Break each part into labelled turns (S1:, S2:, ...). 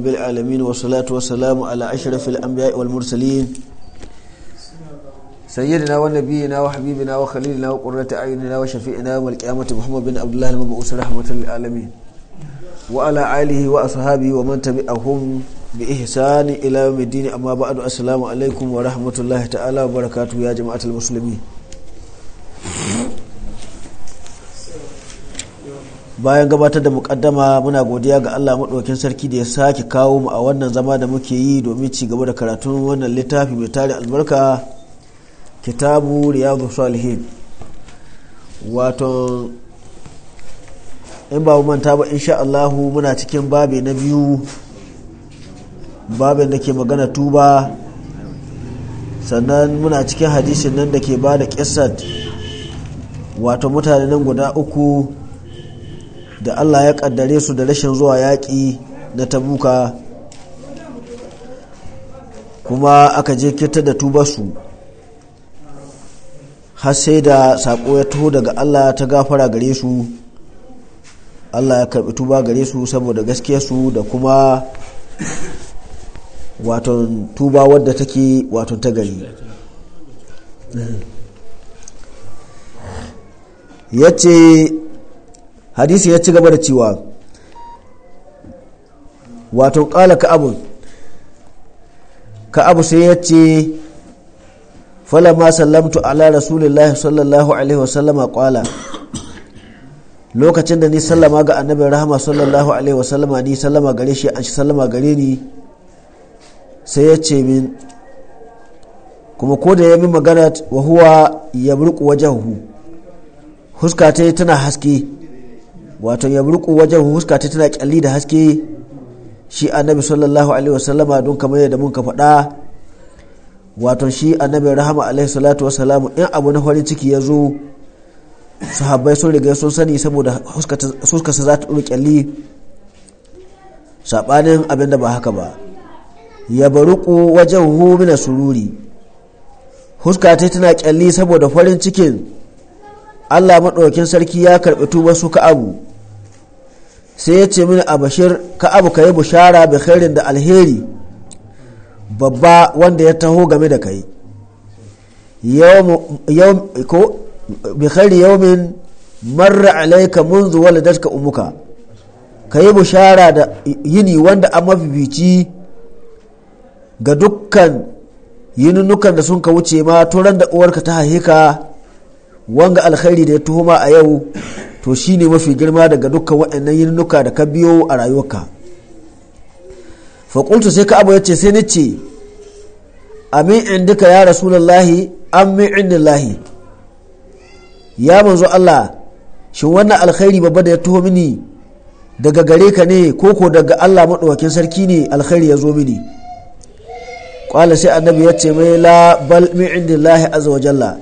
S1: رب العالمين والصلاة والسلام على أشرف الأنبياء والمرسلين سيدنا ونبينا وحبيبنا وخليلنا وقرة أعيننا وشفيئنا والقيامة محمد بن عبد الله المبعوث رحمة للعالمين وعلى آله وأصحابه ومن تبعهم بإحسان إلى يوم الدين أما بعد السلام عليكم ورحمة الله تعالى وبركاته يا جماعة المسلمين bayan gabatar da mukaddama muna godiya ga Allah maɗaukin sarki da ya sake kawo mu a wannan zama da muke yi domin ci gaba da karatun wannan littafi mai tare albarka kitabu riyadu salihin wato in ba manta ba insha Allahu muna cikin babe na biyu babin da ke magana tuba sannan muna cikin hadisin nan da ke ba da wato mutane nan guda uku da Allah ya kaddare su da rashin zuwa yaƙi na tabuka kuma aka je kita da tubasu har sai da saƙo ya taho daga Allah ta gafara gare su Allah ya karɓi tuba gare su saboda su da kuma waton tuba wadda take waton ta gari ya hadisi ya ci gaba da cewa wato kala ka ka'abu sai ya ce falama sallamtu ala rasulullahi sallallahu alaihi wasallama kwala lokacin da ni sallama ga annabin rahama sallallahu alaihi wasallama ni sallama gare shi an shi sallama gare ni sai ya ce min kuma ko da ya min magana wa huwa ya burku wajen huska ta tana haske wato ya burku wajen huska ta tana kyalli da haske shi annabi sallallahu alaihi wasallama don kamar yadda mun ka faɗa wato shi annabi rahama alaihi salatu wasalamu in abu na farin ciki ya zo sahabbai sun riga sun sani saboda huska sa za ta ɗora kyalli saɓanin abin da ba haka ba ya baruku wajen hu mina sururi huska ta tana kyalli saboda farin cikin allah maɗaukin sarki ya karɓi tubar suka abu sai ya ce mini a bashir ka abu ka yi bushara bi khairin da alheri babba wanda ya taho game da kai bi khairi yawmin marra alaika munzu waladatka umuka ka yi bushara da yini wanda an mafifici ga dukkan yinunukan da sun ka wuce ma turan da uwarka ta haihika wanga alkhairi da ya tuhuma a yau to shi ne mafi girma daga dukkan waɗannan yin yinnuka da ka biyo a rayuwarka faƙultu sai ka abu ya ce sai ni ce amin in duka ya rasulallahi amin indillahi ya manzo Allah shi wannan alkhairi babba da ya tuho mini daga gare ka ne koko daga Allah maɗaukakin sarki ne alkhairi ya zo mini ƙwala sai annabi ya ce mai la bal min indillahi azza wa jalla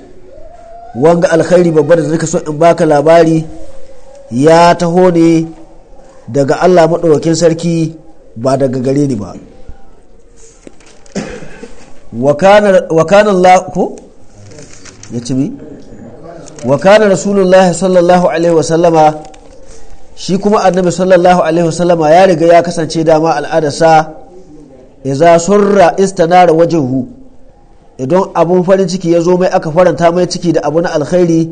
S1: wanga alkhairi babba da zai so in baka labari ya taho ne daga allah maɗaukakin sarki ba daga gare ni ba wakanan ko ya ci wakanan sallallahu alaihi wasallama shi kuma annabi sallallahu alaihi wasallama ya riga ya kasance dama al'adarsa za surra istanara wajen hu idan abun farin ciki ya zo mai aka faranta mai ciki da abu na alkhairi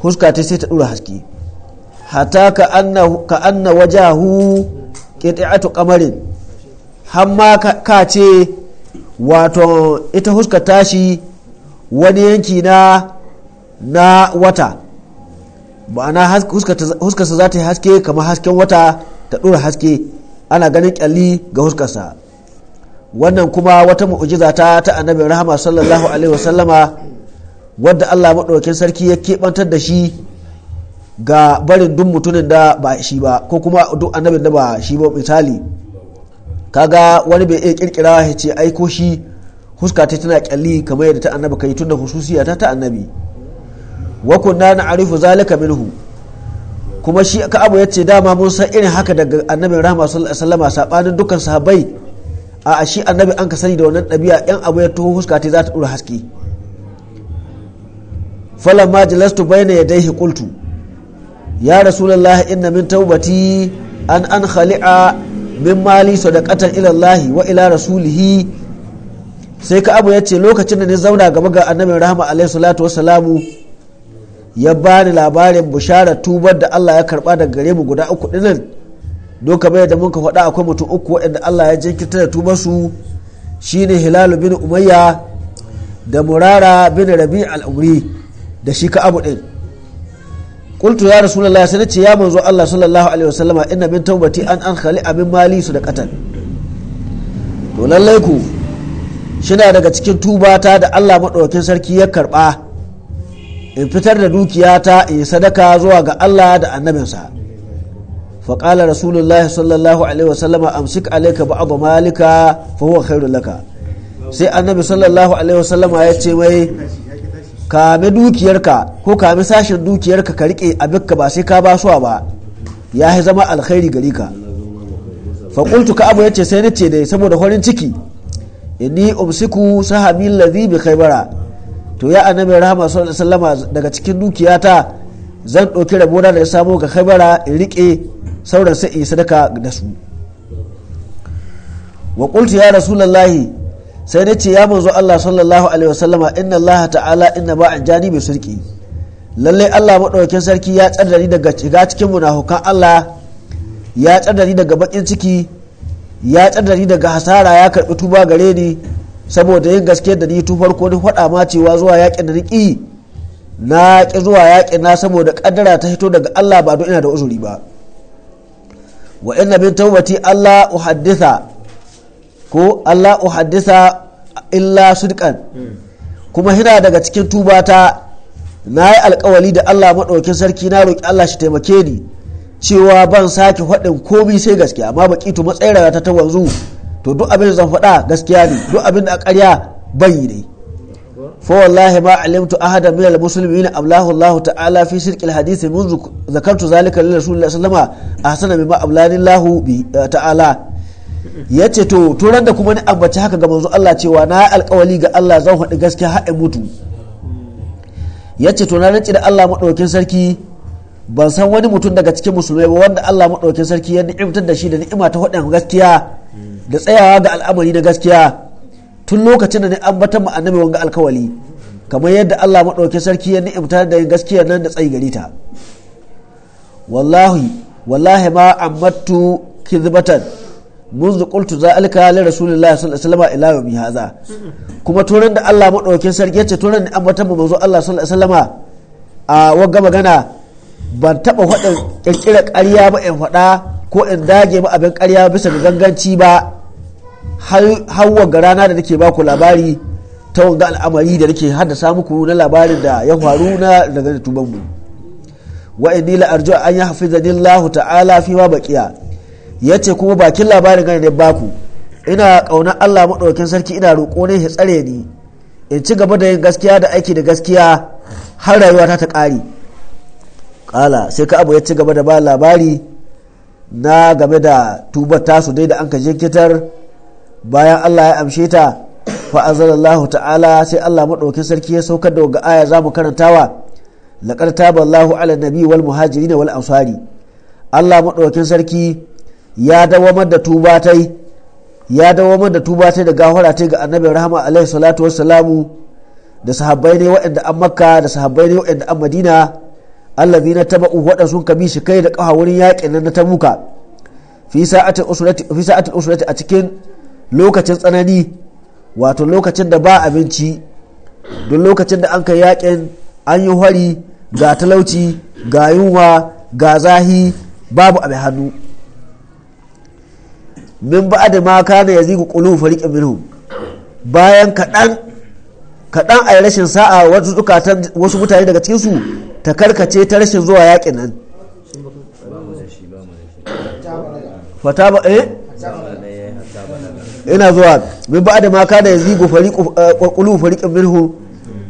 S1: huska ta sai ta dura haske hata ka anna ka anna wajahu qit'atu qamarin hamma ka ce wato ita huska tashi wani yanki na na wata ma'ana huskarsa za ta yi haske kamar hasken wata ta ɗora haske ana ganin kyalli ga huskarsa wannan kuma wata mu'ujiza ta ta annabin rahama sallallahu alaihi wasallama wadda allah maɗaukin sarki ya keɓantar da shi ga barin duk mutumin da ba shi ba ko kuma duk annabin da ba shi ba misali kaga wani bai iya kirkira ya ce aiko shi huska ta tana kyalli kamar yadda ta annabi kai tunda hususiya ta ta annabi wa kunna na'rifu zalika minhu kuma shi ka abu yace dama mun san irin haka daga annabin rahama sallallahu alaihi wasallama sabanin dukkan sahabbai a shi annabi an ka sani da wannan ɗabi'a yan abu ya tuho huska ta za ta ɗora haske falamma jalastu bayna dai qultu ya rasulullahi inna min taubati an an khali'a min mali sadaqatan ila Allah wa ila rasulihi sai ka abu ya ce lokacin da ni zauna gaba ga annabin rahama alaihi salatu wassalamu ya bani labarin bushara tubar da Allah ya karba daga gare mu guda uku dinan Doka kamar da mun ka faɗa akwai mutum uku waɗanda Allah ya jinkirta da tuba su shine hilalu bin umayya da murara bin rabi al-umri da shi ka abu din qultu ya rasulullah sai nace ya manzo Allah sallallahu alaihi wasallama inna min tawbati an an khali abin mali su da katan to lallai ku shina daga cikin tubata da Allah madaukakin sarki ya karba in fitar da dukiyata in sadaka zuwa ga Allah da annabinsa فقال رسول الله صلى الله عليه وسلم امسك عليك بعض مالك فهو خير لك sai annabi sallallahu alaihi wasallam ya ce mai kame dukiyarka ko kame sashen dukiyarka ka rike abinka ba sai ka ba suwa ba ya yi zama alkhairi gari ka qultu ka abu ya ce sai nace dai saboda horin ciki inni umsiku sahabi ladhi bi khaybara to ya annabi rahama sallallahu alaihi wasallam daga cikin dukiyata zan ɗauki rabona da ya samo ga khaybara in rike sauran sai in sadaka da su wa qultu ya rasulullahi sai na ce ya manzo Allah sallallahu alaihi wasallama inna Allah ta'ala inna ba'a bi sirki lalle Allah madaukakin sarki ya tsaddari daga shiga cikin munafukan Allah ya tsaddari daga bakin ciki ya tsaddari daga hasara ya karbi tuba gare ni saboda yin gaske da ni tun farko ni fada ma cewa zuwa yaƙin da niki na ƙi zuwa yaƙin na saboda ƙaddara ta hito daga Allah ba don ina da uzuri ba wa inna bin tawbati Allah haddisa ko Allah illa sudkan kuma hina daga cikin tubata na yi alkawali da Allah maɗaukin sarki na roƙi Allah shi taimake ni cewa ban sake faɗin komi sai gaskiya amma baki to matsayin ta ta wanzu to duk abin da zan faɗa gaskiya ne duk abin da a ƙarya bayi ne fa wallahi ma alimtu ahadan min almuslimin ablahu Allah ta'ala fi shirk alhadith منذ ذكرت ذلك للرسول sallallahu alaihi ahsana bima ablani Allah ta'ala yace to turan da kuma ni ambaci haka ga manzo Allah cewa na alkawali ga Allah zan faɗi gaskiya har mutu yace to na rance da Allah madaukin sarki ban san wani mutum daga cikin musulmai ba wanda Allah madaukin sarki ya ni'imtar da shi da ni'ima ta faɗin gaskiya da tsayawa ga al'amari na gaskiya tun lokacin da ne ambata mu annabi wanga alkawali kamar yadda Allah maɗauki sarki ya ni'imta da gaskiya nan da tsayi gari ta wallahi wallahi ma ammattu kizbatan منذ قلت ذلك لرسول الله صلى الله عليه وسلم الى يوم هذا kuma turan da Allah madaukakin sarki yace turan da ambata mu manzo Allah sallallahu alaihi wasallam a wagga magana ban taɓa faɗin ƙirƙirar ƙarya ba in faɗa ko in dage ma abin ƙarya bisa ga ganganci ba hawa ga rana da nake baku labari ta wanga al'amari da nake haddasa muku na labarin da ya faru na daga da tuban mu wa inni la arju an ya hafizani Allah ta'ala fi ma baqiya yace kuma bakin labarin ga da baku ina kauna Allah madaukakin sarki ina roƙo ne ya tsare ni in ci gaba da yin gaskiya da aiki da gaskiya har rayuwa ta ta kare kala sai ka abu ya ci gaba da ba labari na game da tubar tasu dai da an ka jinkitar bayan Allah ya amshe ta fa'azar Allah ta'ala sai Allah maɗauki sarki ya saukar da ga aya za mu karantawa laƙar taba Allahu ala nabi wal muhajiri wal ansari Allah maɗaukin sarki ya dawamar da tubatai ya dawamar da tubatai da gahora ta ga annabin rahama alaihi salatu wassalamu da sahabbai ne waɗanda an makka da sahabbai ne waɗanda an madina allazi na taba'u waɗanda sun kabi shi kai da ƙaha wurin yaƙin nan na tabuka fi sa'atul usrati a cikin lokacin tsanani wato lokacin da ba abinci don lokacin da an kai yakin an yi hari ga talauci ga yunwa ga zahi babu abin hannu min ba da ma kana ya zigu kulu fariƙin minu bayan kaɗan kaɗan a rashin sa'a wasu zukatan wasu mutane daga cikinsu ta karkace ta rashin zuwa yakin nan fata ba eh ina zuwa min ba da maka da yazigu eh, qulu fariqun minhu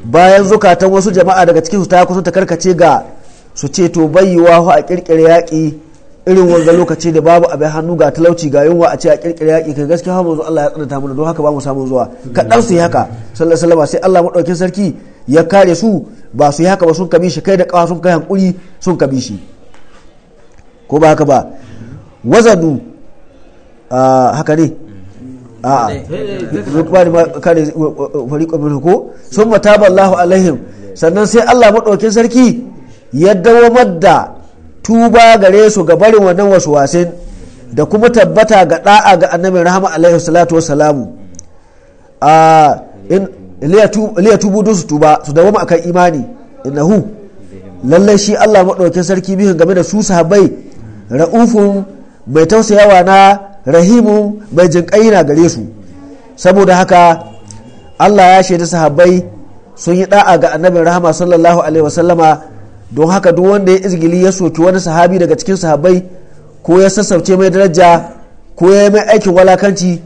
S1: bayan zukatan wasu jama'a daga cikin su ta kusa ta karkace ga su ce to bayyuwa a kirkire yaƙi irin wanga lokaci da babu abin hannu ga talauci ga yunwa a ce a kirkira yaƙi kai gaskiya ha manzo Allah ya tsananta mana don haka ba mu samu zuwa kaɗan su yi haka sallallahu alaihi sai Allah madaukin sarki ya kare su ba su yi haka ba sun kabi shi kai da kawa sun kai hankuri sun kabi shi ko ba haka ba wazanu ah, haka ne a'a lukman ma kana fariqu minhu ko summa taba Allahu alaihim sannan sai Allah madaukin sarki ya dawo madda tuba gare su ga barin wannan wasu wasin da kuma tabbata ga da'a ga annabi rahama alaihi salatu wassalamu a ah, in liya tubu su tuba su dawo ma akan imani innahu lallai shi Allah madaukin sarki bihin game da su sahabbai ra'ufun mai tausayawa na rahimu mai jinƙai na gare su saboda haka allah ya shaida sahabbai sun yi ɗa'a ga annabin rahama sallallahu alaihi wasallama don haka duk wanda ya izgili ya soki wani sahabi daga cikin sahabbai ko ya sassauce mai daraja ko ya yi mai aikin walakanci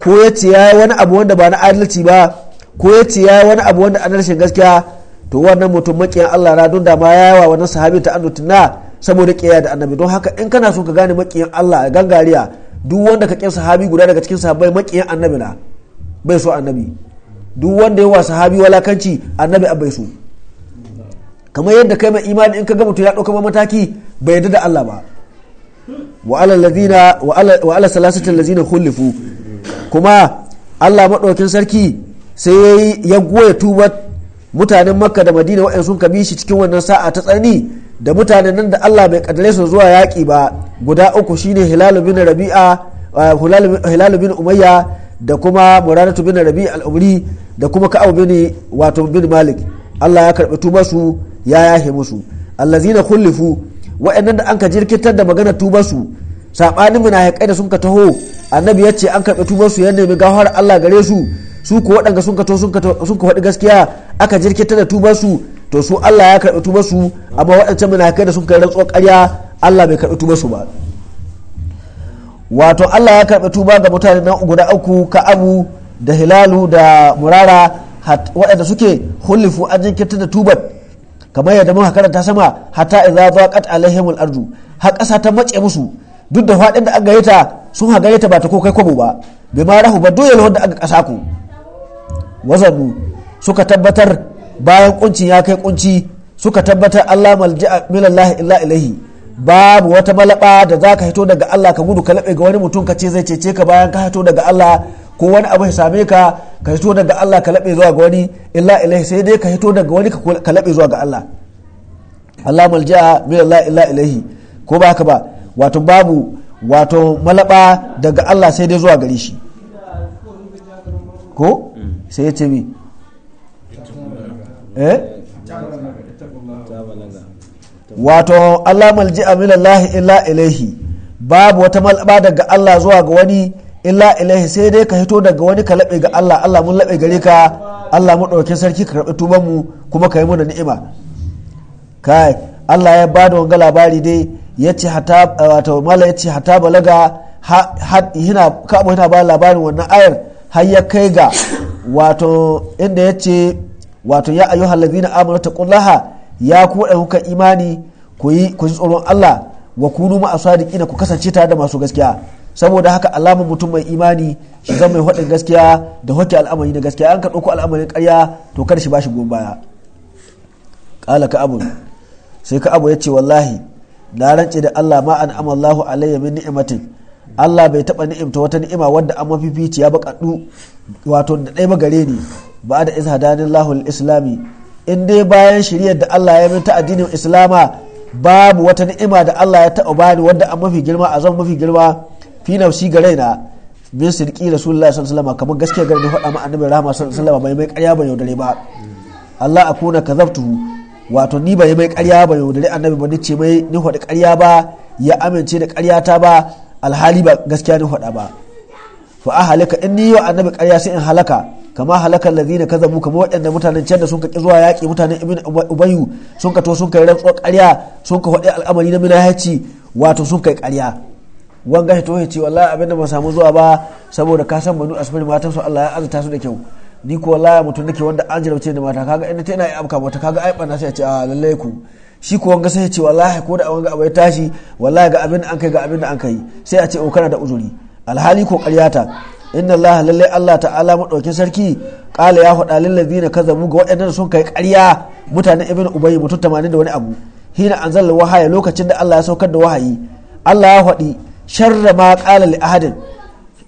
S1: ko ya ce ya wani abu wanda ba na adalci ba ko ya ce ya wani abu wanda an rashin gaskiya to wannan mutum makiyan Allah na don da ma ya yawa wannan sahabi ta annutunna saboda kiyaye da annabi don haka in kana so ka gane makiyan Allah a gangariya duk wanda ka kin sahabi guda daga cikin sahabbai makiyan annabi na bai so annabi duk wanda yawa sahabi walakanci annabi a bai so kamar yadda kai mai imani in ka ga to ya ba mataki bai yadda da Allah ba wa ala ladina lazina hulifu kuma Allah maɗaukin sarki sai ya goya tubar mutanen Makka da Madina wa'an sun kabi shi cikin wannan sa'a ta tsarni da mutane nan da Allah bai kaddare su zuwa yaƙi ba guda uku shine hilalubin bin rabi'a uh, Hilal bin umayya da kuma muranatu bin rabi'a al-umri da kuma ka'ab bin wato bin malik Allah ya karbi tuba su ya yahe musu allazina kullifu wa'annan da anka jirkitar da magana tuba su sabanin munafiqai da sun ka taho annabi ya ce an karbi tuba su ya nemi gahar Allah gare su su ko waɗanda sun ka to sun ka faɗi gaskiya aka jirkitar da tuba su to su Allah ya karɓi tuba su amma waɗancan munafikai da sun kai rantsuwar ƙarya Allah bai karɓi tuba su ba wato Allah ya karɓi tuba ga mutane nan guda uku ka abu da hilalu da murara waɗanda suke hulifu an jinkirta da tubar kamar yadda muka karanta sama hatta idza zaqat al ardu har ƙasa ta mace musu duk da faɗin da aka ta sun hagare ta ba ta ko kwabo ba bai ma rahu ba dole wanda aka ƙasa ku wazanu suka tabbatar bayan kunci ya kai kunci suka tabbatar Allah malja'a minallahi illa ilaihi babu wata malaba da za ka hito daga Allah ka gudu ka labe ga wani mutum ka ce zai cece ka bayan ka hito daga Allah ko wani abu ya same ka ka hito daga Allah ka labe zuwa ga wani illa ilaihi sai dai ka hito daga wani ka labe zuwa ga Allah Allah malja'a minallahi illa ilaihi ko ba haka ba wato babu wato malaba daga Allah sai dai zuwa gare shi ko sai ya ce mi eh wato Allah malji amina lahi illa ilaihi babu wata malaba daga Allah zuwa ga wani illa ilaihi sai dai ka hito daga wani ka laɓe ga Allah Allah mun laɓe gare ka Allah mu ɗauke sarki ka karɓi tuban mu kuma ka yi mana ni'ima kai Allah ya ba da wanga labari dai ya ce hata wato mala ya balaga hina ka ba labarin wannan ayar har ya kai ga wato inda ya ce wato ya ayyuha allazina amanu taqullaha ya ku da kuka imani ku yi ku tsoron Allah wa kunu ma asadiqina ku kasance tare da masu gaskiya saboda haka alamar mutum mai imani shi zama mai hudin gaskiya da hoke al'amari na gaskiya an ka dauko al'amarin ƙarya to kada shi bashi goyon baya kala ka abu sai ka abu ya ce wallahi na rance da Allah ma an amallahu alayya min ni'matin Allah bai taɓa ni'imta wata ni'ima wadda an mafifici ya baƙaɗu wato da ɗaya magare ni ba da isa izhadanin lahul islami in dai bayan shiryar da Allah ya minta addinin islama babu wata ni'ima da Allah ya taɓa bani wadda an mafi girma a zan mafi girma fi nafsi ga raina min sirki rasulullahi sallallahu alaihi wasallam kamar gaskiya gare ni faɗa ma annabi rahama sallallahu alaihi wasallam bai mai ƙarya ba yaudare ba Allah akuna kazabtuhu wato ni bai mai ƙarya ba yaudare annabi ba ni ce mai ni faɗi ƙarya ba ya amince da karya ta ba alhali ba gaskiya ne faɗa ba fa a halaka in ni yau annabi karya sai in halaka kama halakar lazina ka mu kama waɗanda mutanen can da sun ka zuwa yaƙi mutanen ibn ubayu sun ka to sun kai rantsuwar karya sun ka faɗi al'amari na minahaci wato sun kai ƙarya wanga gashi to ya ce wallahi abinda ba samu zuwa ba saboda ka san banu asmani matan su Allah ya azata su da kyau ni ko wallahi mutum nake wanda an jarabce da mata kaga ina ta ina ya afka mata kaga ai na sai ya ce a lallai ku shi ko ga sai ya ce wallahi ko da wanga abu ya tashi wallahi ga abin da an kai ga abin da an kai sai a ce o oh, kana da uzuri alhali ko ƙaryata inna allaha lalle Allah ta'ala madaukin sarki qala ya hada lil ladina kazabu ga waɗannan sun kai ƙarya mutanen ibn ubay mutum 80 da wani abu hina anzalna wahaya lokacin da Allah ya saukar da wahayi Allah ya hadi sharra ma qala li ahadin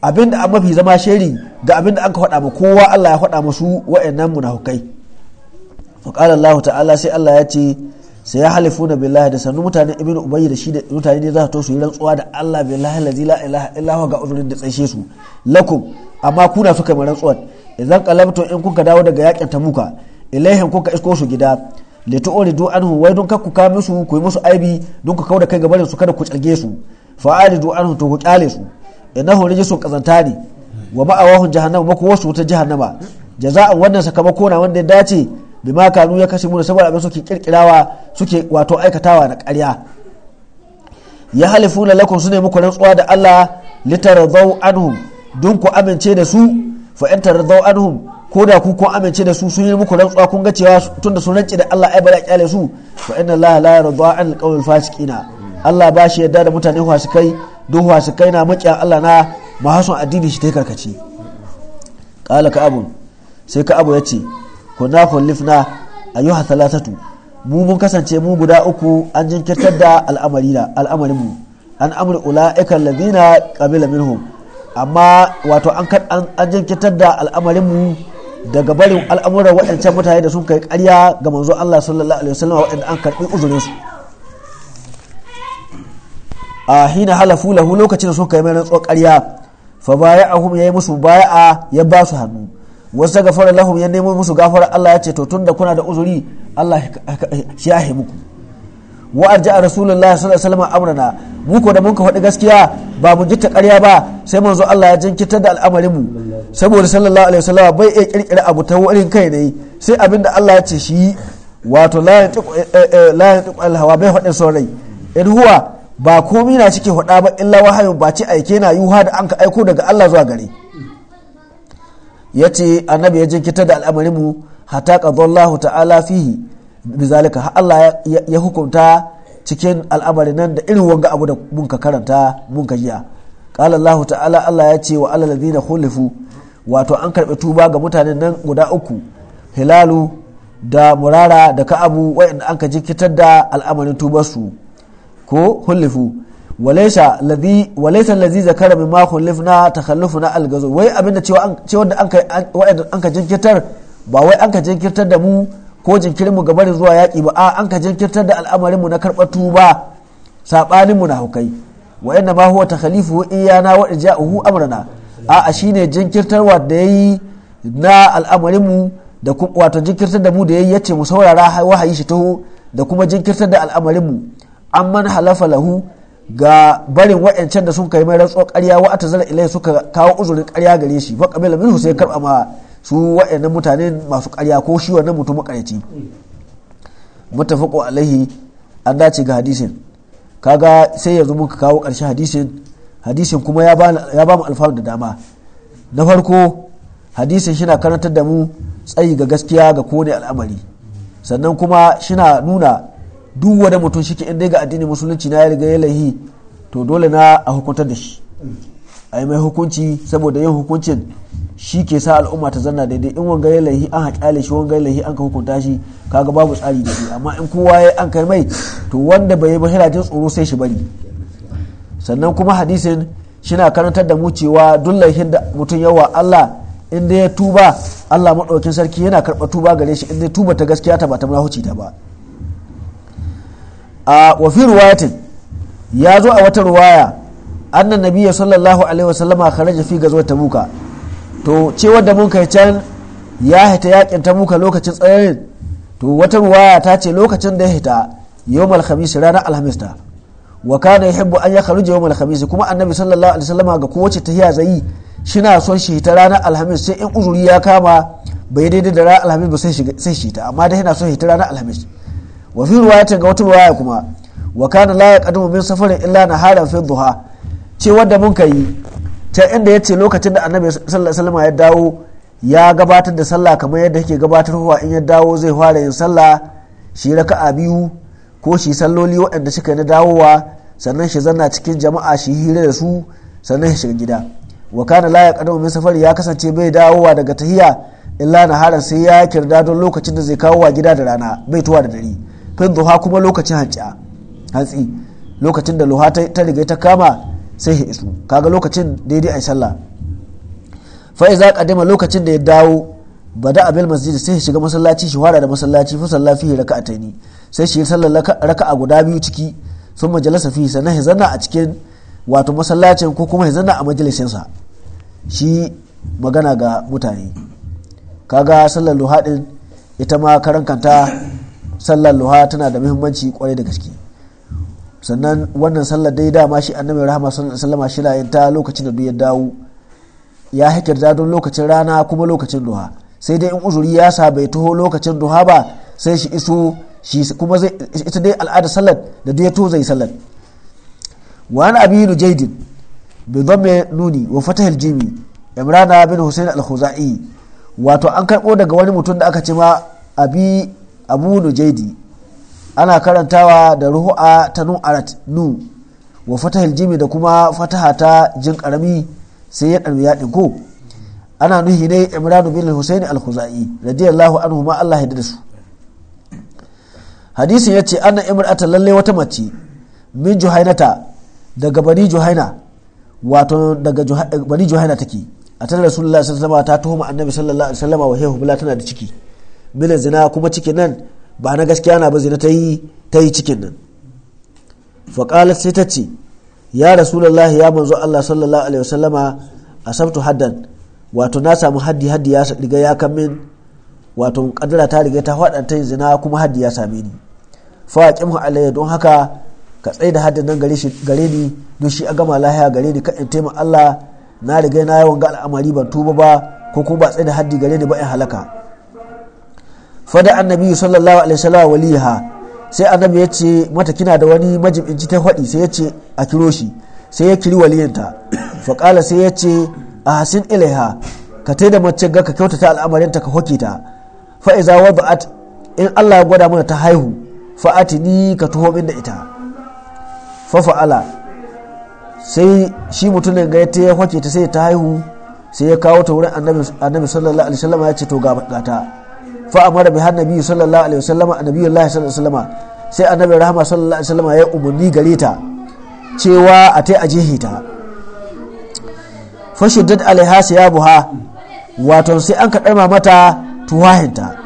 S1: abinda an mafi zama sheri ga abinda an ka faɗa ma kowa Allah ya faɗa musu waɗannan munafukai fa qala Allah ta'ala sai Allah ya ce sai ya halifu na billahi da sannu mutanen ibn ubayy da shi da mutane ne za su to su yi rantsuwa da Allah billahi lazi la ilaha illa ga uzurin da tsaishe su lakum amma kuna suka mai rantsuwa idan kalabta in kuka dawo daga yakin tamuka ilaihim kuka isko su gida li tu'ridu anhu wai don kakku ka musu ku yi musu aibi don ku kauda kai barin su kada ku tsarge su fa'alidu anhu to ku kyale su innahu rijsun kazanta ne wa ma'awahu jahannama ku wasu ta jahannama jaza'an wannan sakamako na wanda ya dace bima kanu ya kashe muna saboda abin suke kirkirawa suke wato aikatawa na ƙarya ya halifu na lakon su ne muku rantsuwa da Allah litar zau anhum don ku amince da su fa in tarzaw anhum ko da ku kun amince da su sun yi muku rantsuwa kun ga cewa tunda sun rance da Allah ai ba da kyale su fa inna Allah la yarda an alqawil fasiqina Allah ba shi yarda da mutane fasikai duk fasikai na makiyan Allah na mahasun addini shi ta karkace qala ka abun sai ka abu yace kuna a ayyuha thalathatu mu mun kasance mu guda uku an jinkirtar da al'amarina al'amarinmu an amri ula'ika allazina qabila minhum amma wato an an jinkirtar da al'amarinmu daga barin al'amuran waɗancan mutane da sun kai ƙarya ga manzo Allah sallallahu alaihi wasallam waɗanda an karɓi uzurin su a hina halafu lahu lokacin da sun kai mai rantsuwar ƙarya fa baya'ahum yayi musu baya'a ya ba su hannu wasu gafara lahum ya nemo musu gafara Allah ya ce to tunda kuna da uzuri Allah shi ya muku wa a rasulullahi sallallahu alaihi wasallam amrana mu ko da mun ka faɗi gaskiya ba mu jitta ƙarya ba sai manzo Allah ya jinkita da al'amarin mu saboda sallallahu alaihi wasallam bai iya kirkira abu ta wurin kai ne sai abin da Allah ya ce shi wato la yantiqu eh, eh, eh, la bai faɗin son in huwa ba komi na cike faɗa ba illa wahayin ba ce aike na yuha da an ka aiko daga Allah zuwa gare ya ce annabi ya jinkita da al'amarinmu hata Allah ta'ala fihi bizalika har Allah ya hukunta cikin al'amarin nan da irin wanga abu da mun ka karanta mun ka jiya qala Allah ta'ala Allah ya ce wa alal ladina khulifu wato an karbi tuba ga mutanen nan guda uku hilalu da murara da ka'abu wa'in an ka jinkitar da al'amarin tubasu ko hulifu walaisa lazi zakara min makon lifna takallufu na algazo wai abin da cewa da an jinkirtar ba wai an ka jinkirtar da mu ko jinkirin mu gabarin zuwa yaƙi ba a an jinkirtar da al'amarin mu na karɓar tuba saɓanin na haukai wa inna ma huwa takhalifu iyana wa ja'uhu amrana a a shine jinkirtarwa da yayi na al'amarin mu da wato jinkirtar da mu da yayi yace mu saurara wahayi shi taho da kuma jinkirtar da al'amarinmu mu amman halafa lahu ga barin waɗancan da sun kai mai rantsuwar karya wa ta zara ilai suka kawo uzurin karya gare shi ba kabila minhu sai karɓa ma su waɗannan mutane masu karya ko shi wannan mutum makareci mutafaƙo alaihi an dace ga hadisin kaga sai yanzu muka kawo ƙarshen hadisin hadisin kuma ya ba mu alfanu da dama na farko hadisin shi na karantar da mu tsayi ga gaskiya ga kowane al'amari sannan kuma shi na nuna duk wani mutum shi ke inda ga addinin musulunci na ya riga ya lahi to dole na a hukuntar da shi a yi mai hukunci saboda yin hukuncin shi ke sa al'umma ta zanna daidai in wanga ya lahi an haƙale shi wanga ya lahi an ka hukunta shi kaga babu tsari shi amma in kowa ya an kai mai to wanda bai ba yana jin tsoro sai shi bari sannan kuma hadisin shina karantar da mu cewa duk lahin da mutum yawa Allah in ya tuba Allah maɗaukin sarki yana karɓa tuba gare shi in dai tuba ta gaskiya ta ba ta mulahuci ta ba a wafi ruwayatin ya zo a wata ruwaya annan nabiya sallallahu alaihi wasallama kharaja fi zuwa tabuka to ce da mun kai can ya hita yakin tabuka lokacin tsayayin to wata ruwaya ta ce lokacin da ya hita yawm alhamis ranar alhamis ta wa kana yuhibbu an ya kharuja yawm alhamis kuma annabi sallallahu alaihi wasallama ga kowace tahiya zai shina son shi hita ranar alhamis sai in uzuri ya kama bai daidai da ranar alhamis ba sai shi ta amma dai yana son hita ranar alhamis wa ya ruwayatin ga wata ruwaya kuma wakana kana la safari safarin illa naharan fi duha ce wadda mun yi ta inda yace lokacin da annabi sallallahu alaihi ya dawo ya gabatar da sallah kamar yadda yake wa in ya dawo zai fara yin sallah shi a biyu ko shi salloli waɗanda suka na dawowa sannan shi zanna cikin jama'a shi hira da su sannan shi shiga gida wakana kana la safari ya kasance bai dawowa daga tahiya illa naharan sai ya kirda don lokacin da zai kawo wa gida da rana bai tuwa da dare fin kuma lokacin hanciya hatsi lokacin da luha ta riga ta kama sai ya isu kaga lokacin daidai a sallah za ka dama lokacin da ya dawo ba bada abil masjid sai ya shiga masallaci shi da masallaci fa salla a taini sai shi sallar a guda biyu ciki sun majalasa fi sannan ya zanna a cikin wato masallacin ko kuma ya zanna a majalisinsa shi magana ga mutane kaga sallar luhaɗin ita ma karankanta sallar luha tana da muhimmanci kwarai da gaske sannan wannan sallar dai dama shi annabi rahama sallama shi layin ta lokacin da duk ya dawo ya da don lokacin rana kuma lokacin duha sai dai in uzuri ya sa bai taho lokacin duha ba sai shi iso shi kuma zai ita dai al'ada sallar da duk ya to zai sallar wa an abi jaidin bi dhamme nuni wa fatahil jimi imrana bin husain al-khuzai wato an karbo daga wani mutum da aka ce ma abi abu nujaidi ana karantawa da ruhu'a ta arat nu wa fata jimi da kuma fataha ta jin karami sai ya ɗarbi ya ko ana nuhi ne imranu bin husaini al radiyallahu anhu ma Allah ya da su hadisin ce anna imra'ata lalle wata mace min juhainata daga bani juhaina wato daga bani juhaina take a tare rasulullahi sallallahu alaihi wasallam ta tuhuma annabi sallallahu alaihi wasallam wa hiya tana da ciki mina zina kuma cikin nan ba na gaskiya na ba zina ta yi ta yi cikin nan faƙalar sai ta ce ya rasulallah ya manzo allah sallallahu alaihi wasallama a sabtu haddan wato na samu haddi haddi ya riga ya kammin wato kadara ta riga ta faɗa ta yi zina kuma haddi ya same ni fa mu alayya don haka ka tsaye da haddin nan gare shi ni don shi a gama lahiya gare ni ka in taimaka Allah na riga na yawan ga al'amari ban tuba ba ko kuma ba tsaye da haddi gare ni ba in halaka fada annabi sallallahu alaihi wasallam waliha sai annabi ya ce mata kina da wani majibinci ta faɗi sai ya ce a kiro shi sai ya kiri waliyinta kala sai ya ce a hasin ilaiha ka taida mace ga ka kyautata ta ka hoke ta fa'iza wada'at in Allah ya gwada mana ta haihu fa atini ka tuho min da ita fa fa'ala sai shi mutumin ga ya ya hoke ta sai ta haihu sai ya kawo ta wurin annabi sallallahu alaihi wasallam ya ce to ga ta fa bai bi biyu sallallahu alaihi wasallam annabi Allah sallallahu alaihi wasallama sai annabi rahama sallallahu alaihi wasallama ya umarni gare ta cewa a tai ajihi ta fa shuddat alaiha siyabuha wato sai an ma mata tuwahinta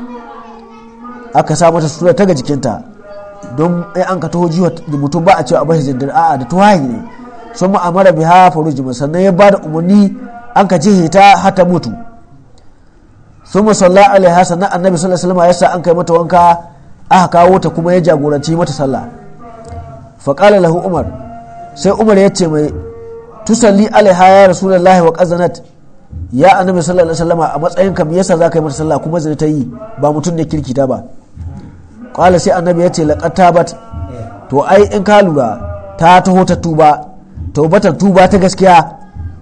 S1: aka sa mata sutura ta ga jikinta don ai an ka taho jiwa mutum ba a cewa a bashi jindar a'a da tuwahi ne sun ma'amara biha faruji sannan ya ba da umarni an ka jihe ta hata mutu sun salla alaiha sannan annabi sallallahu alaihi wasallam ya sa an kai mata wanka aka kawo ta kuma ya jagoranci mata sallah fa qala lahu umar sai umar ya ce mai tusalli alaiha ya rasulullahi wa qazanat ya annabi sallallahu alaihi wasallam a matsayin ka me yasa zaka yi mata sallah kuma zai ta yi ba mutum ne kirki ta ba qala sai annabi ya ce laqad tabat to ai in ka lura ta taho ta tuba taubatar tuba ta gaskiya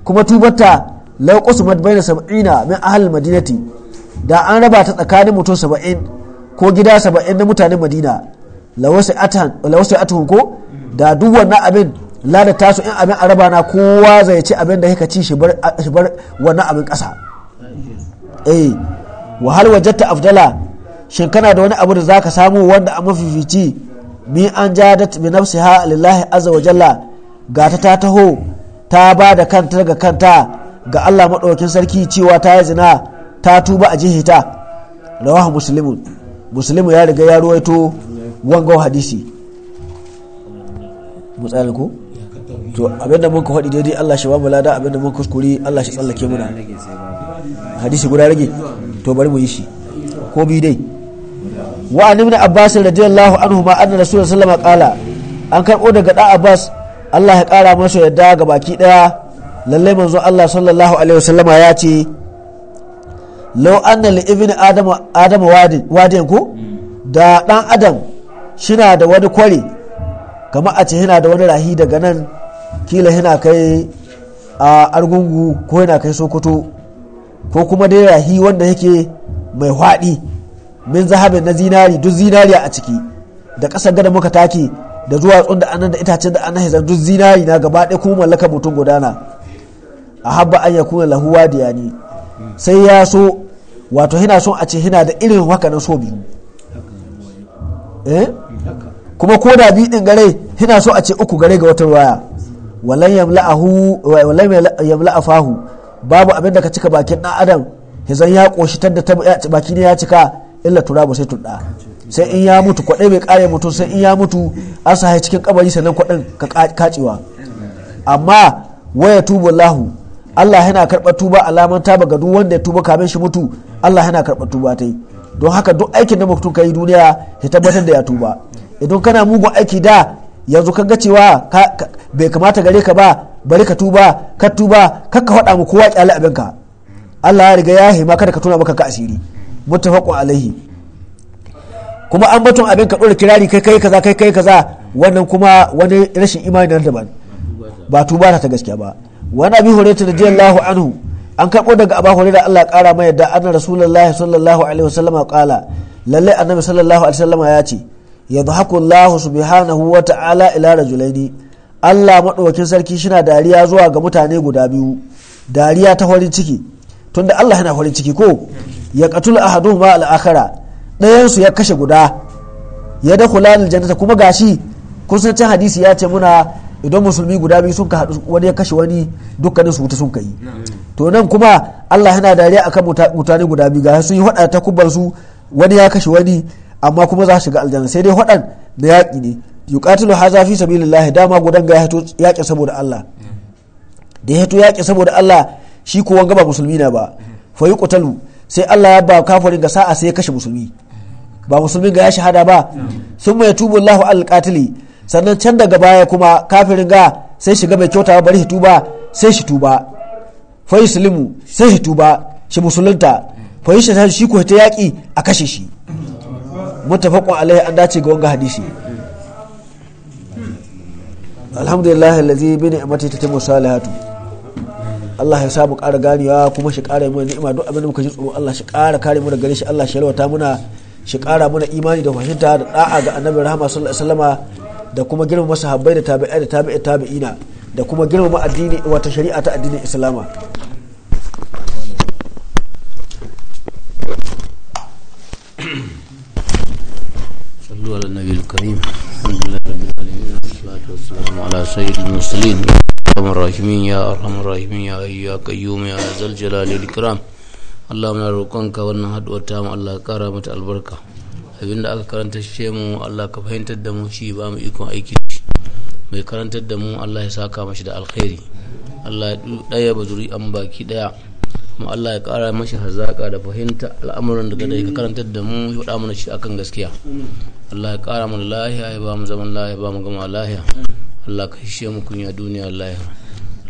S1: kuma tubarta lau kusumat bayna sab'ina min ahli madinati da an raba ta tsakanin mutum saba'in ko gida saba'in na mutanen madina lawasai atuhun ko da duk wannan abin lada tasu in abin a raba na kowa zai ci abin da kika ci shi bar wannan abin kasa. eh wahal wajatta afdala shin kana da wani abu da zaka samu wanda a mafifici mi an jadat bi nafsiha lillahi azza wa jalla ga ta taho ta ba da kanta ga kanta ga Allah maɗaukin sarki cewa ta yi zina ta tuba a jihi ta rawahu muslimun muslimu ya riga ya ruwaito wangon hadisi mutsalin to abinda mun ka faɗi daidai Allah shi wamu lada abinda mun kuskuri Allah shi tsallake muna hadisi guda rage to bari mu yi shi ko bi dai wa an ibn abbas radiyallahu anhu ma anna rasulullahi sallallahu alaihi wasallam qala an karbo daga da abbas Allah ya kara masa yadda ga baki daya lalle manzo Allah sallallahu alaihi wasallama ya ce lau anna li ibn adama adama wadi ko mm. da dan adam shina da wani kwari kama a ce yana da wani rahi daga nan kila yana kai a argungu ko yana kai sokoto ko kuma dai rahi wanda yake mai hwaɗi min zahabin na zinari duk zinariya a ciki da ƙasar gada muka take da zuwa da anan da itacen da anan hizar duk zinari na gaba ɗaya kuma mallaka mutum gudana a habba an yakuna lahu wadiyani. sai ya so wato hina son a ce hina da irin haka na so biyu eh? kuma ko da biyu ɗin gare hina so a ce uku gare ga wata waya walan yamla'ahu babu abin da ka cika bakin dan adam hizan ya koshi tadda baki ne ya cika illa turabu sai tudda sai in ya mutu kwaɗai bai kare mutu sai in ya mutu an sa cikin kabari sannan kwaɗin ka kacewa amma waya tubu lahu Allah yana karɓar tuba alaman taba ga duk wanda ya tuba kamin shi mutu Allah yana karɓar tuba ta yi don haka duk aikin da mutum ka yi duniya ya tabbatar da ya tuba idan kana mugun aiki da yanzu ka ga cewa bai kamata gare ka ba bari ka tuba ka tuba kar ka faɗa mu kowa kyale abin ka Allah ya riga ya hima kada ka tuna maka ka asiri muttafaqun alaihi kuma an batun abin ka dora kirari kai kai kaza kai kai kaza wannan kuma wani rashin imani na daban ba tuba ta gaskiya ba wani abi jiyar lahu anhu an karɓo daga abu da Allah ƙara mai yadda anna rasulullahi sallallahu alaihi wasallama kala lalle annabi sallallahu alaihi wasallama ya ce yadhaku Allah subhanahu wa ta'ala ila rajulaini Allah madaukakin sarki shina dariya zuwa ga mutane guda biyu dariya ta horin ciki tunda Allah yana horin ciki ko ya qatul ahaduhuma ma akhara ɗayan su ya kashe guda ya dakhula al-jannata kuma gashi kun san hadisi ya ce muna idan musulmi guda biyu sun ka haɗu wani ya kashe wani dukkanin su wuta sun kai to nan kuma Allah yana dariya akan mutane guda biyu ga sun yi hada ta kubar su wani ya kashe wani amma kuma za su shiga aljanna sai dai hadan da yaƙi ne yuqatilu haza fi sabilillah dama gudan ga yaƙi saboda Allah da yato yaki yaƙi saboda Allah shi ko wanga ba musulmi na ba fa yuqtalu sai Allah ya ba kafirin ga sa'a sai ya kashe musulmi ba musulmin ga ya shahada ba summa yatubu Allahu al-qatili sannan can daga baya kuma kafirin ga sai shiga bai kyauta bari shi tuba sai shi tuba fa yuslimu sai shi tuba shi musulunta fa yusha shi ko ta yaki a kashe shi muttafaqun alaihi an dace ga wanga hadisi alhamdulillah allazi bi ni'mati tatimmu salihatu Allah ya samu ƙara ganewa kuma shi ƙara mana ni'ima duk abin da muka ji tsoro Allah shi ƙara kare mu daga gare shi Allah shi yalwata muna shi ƙara mana imani da fahimta da da'a ga annabi rahama sallallahu alaihi wasallama da kuma girmama sahabbai da tabi'ai da tabi'i na da kuma girmama addini wata shari'a ta addinin islama
S2: يا ya الراحمين يا أيها القيوم يا ذا الجلال والإكرام اللهم نرقنك ونهد وتام الله mata albarka da aka karanta shi mu Allah ka fahimtar da mu shi ba mu ikon aiki mai karantar da mu Allah ya saka mashi da alkhairi Allah ya daya ba zuri an baki daya kuma Allah ya kara mashi hazaka da fahimta al'amuran daga da ya karantar da mu ya faɗa mana shi akan gaskiya Allah ya kara mana lahiya ya ba mu zaman lahiya ba mu gama lahiya Allah ka hishe mu kunya duniya lahiya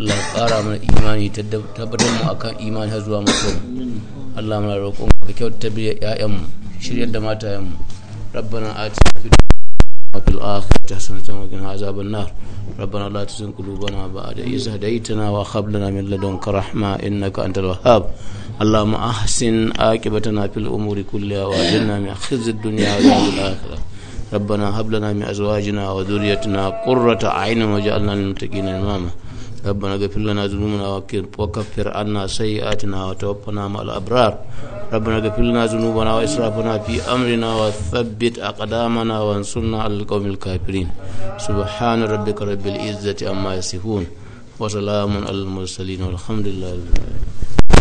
S2: Allah ya kara mana imani tabbatar mu akan imani har zuwa mutum Allah mu roƙon ka kyautata biyar mu. shiryar da matayenmu rabbana a cikin mafi alaƙa ta sanata magin azabin nar rabbana la tuzin ba da iya zada yi tana wa khabla na min ladon karahma in na da wahab allah ma ahasin a kibata na fil umuri kulle wa jin na mai khizir duniya wa zabi alaƙa rabbana hablana mai azuwa jina wa zuriya tana ƙurrata a ainihin waje allah ne mutaƙi ربنا اغفر لنا ذنوبنا وكفر عنا سيئاتنا وتوفنا مع الأبرار ربنا اغفر لنا ذنوبنا وإسرافنا في أمرنا وثبت أقدامنا وانصرنا على القوم الكافرين سبحان ربك رب العزة عما يصفون وسلام على المرسلين والحمد لله